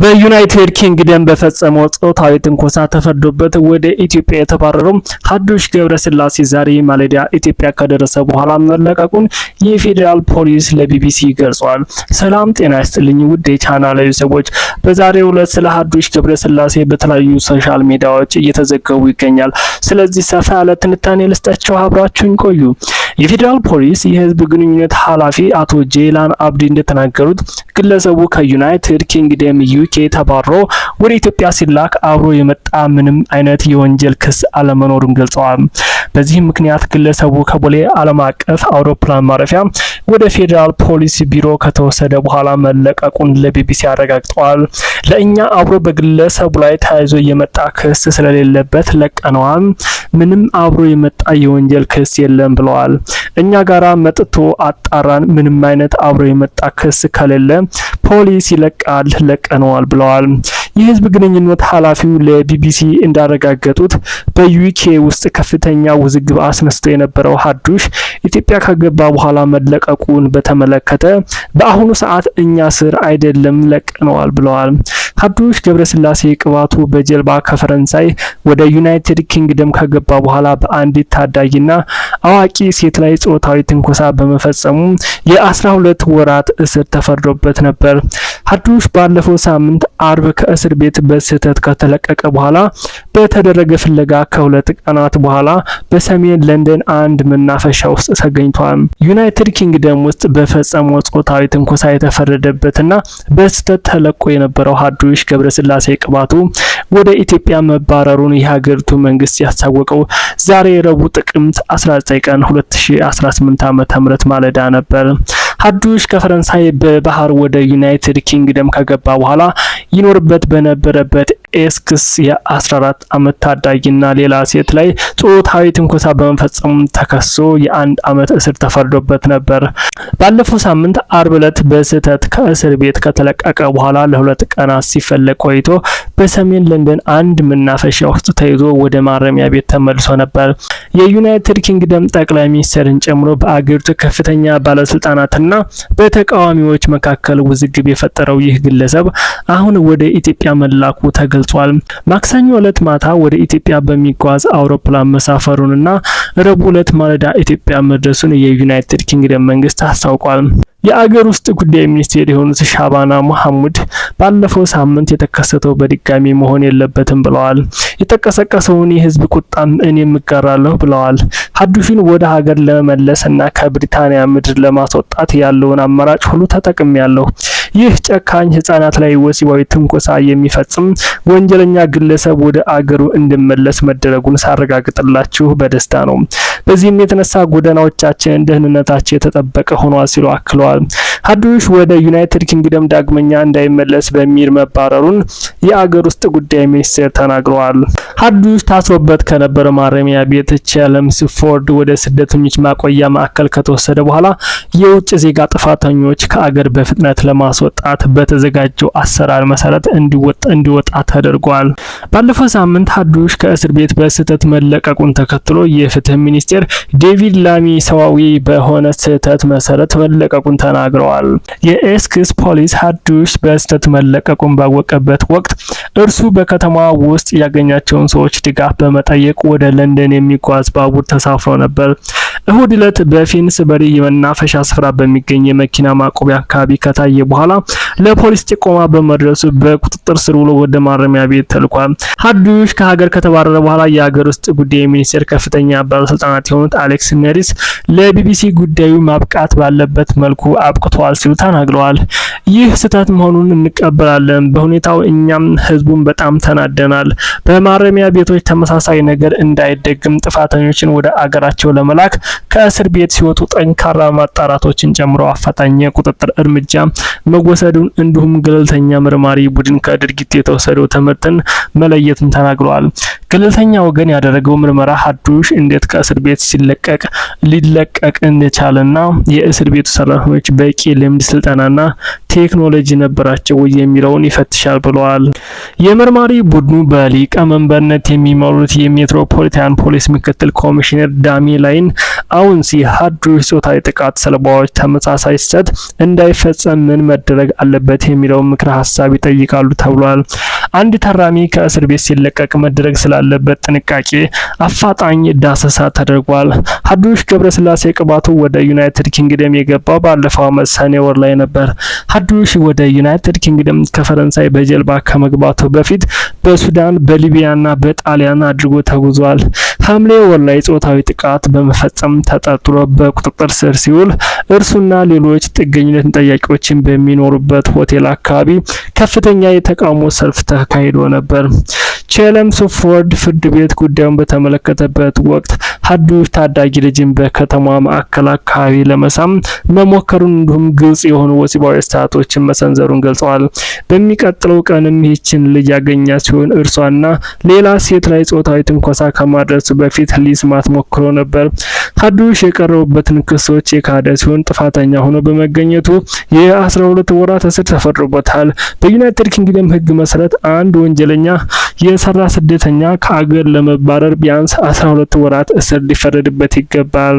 በዩናይትድ ኪንግደም በፈጸመው ጾታዊ ትንኮሳ ተፈርዶበት ወደ ኢትዮጵያ የተባረረው ሀዱሽ ገብረስላሴ ዛሬ ማለዳ ኢትዮጵያ ከደረሰ በኋላ መለቀቁን የፌዴራል ፖሊስ ለቢቢሲ ገልጿል። ሰላም ጤና ይስጥልኝ ውድ የቻናላዊ ሰዎች፣ በዛሬው ዕለት ስለ ሀዱሽ ገብረስላሴ በተለያዩ ሶሻል ሚዲያዎች እየተዘገቡ ይገኛል። ስለዚህ ሰፋ ያለ ትንታኔ ልስጣቸው፣ አብራችሁኝ ቆዩ። የፌዴራል ፖሊስ የህዝብ ግንኙነት ኃላፊ አቶ ጄላን አብዲ እንደተናገሩት ግለሰቡ ከዩናይትድ ኪንግደም ዩኬ ተባሮ ወደ ኢትዮጵያ ሲላክ አብሮ የመጣ ምንም አይነት የወንጀል ክስ አለመኖሩን ገልጸዋል። በዚህም ምክንያት ግለሰቡ ከቦሌ ዓለም አቀፍ አውሮፕላን ማረፊያ ወደ ፌዴራል ፖሊስ ቢሮ ከተወሰደ በኋላ መለቀቁን ለቢቢሲ አረጋግጠዋል። ለእኛ አብሮ በግለሰቡ ላይ ተያይዞ የመጣ ክስ ስለሌለበት ለቀነዋል። ምንም አብሮ የመጣ የወንጀል ክስ የለም ብለዋል። እኛ ጋራ መጥቶ አጣራን። ምንም አይነት አብሮ የመጣ ክስ ከሌለ ፖሊስ ይለቃል፣ ለቀነዋል ብለዋል። የህዝብ ግንኙነት ኃላፊው ለቢቢሲ እንዳረጋገጡት በዩኬ ውስጥ ከፍተኛ ውዝግብ አስነስቶ የነበረው ሀዱሽ ኢትዮጵያ ከገባ በኋላ መለቀቁን በተመለከተ በአሁኑ ሰዓት እኛ ስር አይደለም ለቅነዋል ብለዋል። ሀዱሽ ገብረስላሴ ቅባቱ በጀልባ ከፈረንሳይ ወደ ዩናይትድ ኪንግደም ከገባ በኋላ በአንዲት ታዳጊና አዋቂ ሴት ላይ ጾታዊ ትንኮሳ በመፈጸሙ የአስራ ሁለት ወራት እስር ተፈርዶበት ነበር። ሀዱሽ ባለፈው ሳምንት አርብ ከእስር ቤት በስህተት ከተለቀቀ በኋላ በተደረገ ፍለጋ ከሁለት ቀናት በኋላ በሰሜን ለንደን አንድ መናፈሻ ውስጥ ተገኝቷል። ዩናይትድ ኪንግደም ውስጥ በፈጸመው ጾታዊ ትንኮሳ የተፈረደበትና በስህተት ተለቆ የነበረው ሀዱሽ ገብረስላሴ ቅባቱ ወደ ኢትዮጵያ መባረሩን የሀገሪቱ መንግስት ያስታወቀው ዛሬ ረቡዕ ጥቅምት 19 ቀን 2018 ዓ.ም ማለዳ ነበር። ሀዱሽ ከፈረንሳይ በባህር ወደ ዩናይትድ ኪንግደም ከገባ በኋላ ይኖርበት በነበረበት ኤስክስ የ14 ዓመት ታዳጊና ሌላ ሴት ላይ ጾታዊ ትንኮሳ በመፈጸም ተከሶ የአንድ ዓመት እስር ተፈርዶበት ነበር። ባለፈው ሳምንት አርብ ዕለት በስህተት ከእስር ቤት ከተለቀቀ በኋላ ለሁለት ቀናት ሲፈለግ ቆይቶ በሰሜን ለንደን አንድ መናፈሻ ውስጥ ተይዞ ወደ ማረሚያ ቤት ተመልሶ ነበር። የዩናይትድ ኪንግደም ጠቅላይ ሚኒስትርን ጨምሮ በአገሪቱ ከፍተኛ ባለስልጣናትና በተቃዋሚዎች መካከል ውዝግብ የፈጠረው ይህ ግለሰብ አሁን ወደ ኢትዮጵያ መላኩ ተገልጿል። ገልጿል። ማክሰኞ ለት ማታ ወደ ኢትዮጵያ በሚጓዝ አውሮፕላን መሳፈሩንና ረቡዕ ለት ማለዳ ኢትዮጵያ መድረሱን የዩናይትድ ኪንግደም መንግስት አስታውቋል። የአገር ውስጥ ጉዳይ ሚኒስቴር የሆኑት ሻባና መሐሙድ ባለፈው ሳምንት የተከሰተው በድጋሚ መሆን የለበትም ብለዋል። የተቀሰቀሰውን የህዝብ ቁጣም እኔ እጋራለሁ ብለዋል። ሀዱሽን ወደ ሀገር ለመመለስ እና ከብሪታንያ ምድር ለማስወጣት ያለውን አማራጭ ሁሉ ተጠቅሜያለሁ። ይህ ጨካኝ ህጻናት ላይ ወሲባዊ ትንኮሳ የሚፈጽም ወንጀለኛ ግለሰብ ወደ አገሩ እንዲመለስ መደረጉን ሳረጋግጥላችሁ በደስታ ነው። በዚህም የተነሳ ጎዳናዎቻችን ደህንነታቸው የተጠበቀ ሆኗል ሲሉ አክለዋል። ሀዱሽ ወደ ዩናይትድ ኪንግደም ዳግመኛ እንዳይመለስ በሚል መባረሩን የአገር ውስጥ ጉዳይ ሚኒስቴር ተናግረዋል። ሀዱሽ ታስሮበት ከነበረ ማረሚያ ቤት ቼልምስፎርድ ወደ ስደተኞች ማቆያ ማዕከል ከተወሰደ በኋላ የውጭ ዜጋ ጥፋተኞች ከአገር በፍጥነት ለማስወጣት በተዘጋጀው አሰራር መሰረት እንዲወጣ ተደርጓል። ባለፈው ሳምንት ሀዱሽ ከእስር ቤት በስህተት መለቀቁን ተከትሎ የፍትህ ሚኒስቴር ዴቪድ ላሚ ሰዋዊ በሆነ ስህተት መሰረት መለቀቁን ተናግረዋል። ተናግረዋል። የኤስክስ ፖሊስ ሀዱሽ በስህተት መለቀቁን ባወቀበት ወቅት እርሱ በከተማ ውስጥ ያገኛቸውን ሰዎች ድጋፍ በመጠየቅ ወደ ለንደን የሚጓዝ ባቡር ተሳፍሮ ነበር። እሁድ ዕለት በሪ የመናፈሻ ስፍራ በሚገኝ የመኪና ማቆሚያ አካባቢ ከታየ በኋላ ለፖሊስ ጥቆማ በመድረሱ በቁጥጥር ስር ውሎ ወደ ማረሚያ ቤት ተልኳል። ሀዱሽ ከሀገር ከተባረረ በኋላ የሀገር ውስጥ ጉዳይ ሚኒስቴር ከፍተኛ ባለስልጣናት የሆኑት አሌክስ ነሪስ ለቢቢሲ ጉዳዩ ማብቃት ባለበት መልኩ አብቅተዋል ሲሉ ተናግረዋል። ይህ ስህተት መሆኑን እንቀበላለን። በሁኔታው እኛም ህዝቡን በጣም ተናደናል። በማረሚያ ቤቶች ተመሳሳይ ነገር እንዳይደግም ጥፋተኞችን ወደ አገራቸው ለመላክ ከእስር ቤት ሲወጡ ጠንካራ ማጣራቶችን ጨምሮ አፋጣኝ የቁጥጥር እርምጃ መወሰዱን እንዲሁም ገለልተኛ መርማሪ ቡድን ከድርጊት የተወሰደው ትምህርትን መለየትን ተናግረዋል። ገለልተኛ ወገን ያደረገው ምርመራ ሀዱሽ እንዴት ከእስር ቤት ሲለቀቅ ሊለቀቅ እንደቻለና የእስር ቤቱ ሰራተኞች በቂ ልምድ፣ ስልጠናና ቴክኖሎጂ ነበራቸው የሚለውን ይፈትሻል ብለዋል። የመርማሪ ቡድኑ በሊቀመንበርነት የሚመሩት የሜትሮፖሊታን ፖሊስ ምክትል ኮሚሽነር ዳሜ ላይን አሁንስ የአድሎ ጾታዊ ጥቃት ሰለባዎች ተመሳሳይ ስህተት እንዳይፈጸም ምን መደረግ አለበት የሚለውን ምክረ ሀሳብ ይጠይቃሉ ተብሏል። አንድ ታራሚ ከእስር ቤት ሲለቀቅ መደረግ ስላለበት ጥንቃቄ አፋጣኝ ዳሰሳ ተደርጓል። ሀዱሽ ገብረስላሴ ቅባቱ ወደ ዩናይትድ ኪንግደም የገባው ባለፈው ዓመት ሰኔ ወር ላይ ነበር። ሀዱሽ ወደ ዩናይትድ ኪንግደም ከፈረንሳይ በጀልባ ከመግባቱ በፊት በሱዳን በሊቢያና በጣሊያን አድርጎ ተጉዟል። ሐምሌ ወር ላይ ጾታዊ ጥቃት በመፈጸም ተጠርጥሮ በቁጥጥር ስር ሲውል እርሱና ሌሎች ጥገኝነት ጠያቂዎችን በሚኖሩበት ሆቴል አካባቢ ከፍተኛ የተቃውሞ ሰልፍ ተካሂዶ ነበር። ቼልምስ ፎርድ ፍርድ ቤት ጉዳዩን በተመለከተበት ወቅት ሀዱሽ ታዳጊ ልጅን በከተማ ማዕከል አካባቢ ለመሳም መሞከሩን እንዲሁም ግልጽ የሆኑ ወሲባዊ ስታቶችን መሰንዘሩን ገልጸዋል። በሚቀጥለው ቀንም ይህችን ልጅ ያገኛ ሲሆን እርሷና ሌላ ሴት ላይ ጾታዊ ትንኮሳ ከማድረሱ በፊት ሊስማት ሞክሮ ነበር። ሀዱሽ የቀረቡበትን ክሶች የካደ ሲሆን ጥፋተኛ ሆኖ በመገኘቱ የ12 ወራት እስር ተፈርዶበታል። በዩናይትድ ኪንግደም ህግ መሰረት አንድ ወንጀለኛ የሰራ ስደተኛ ከአገር ለመባረር ቢያንስ 12 ወራት እስር ሊፈረድበት ይገባል።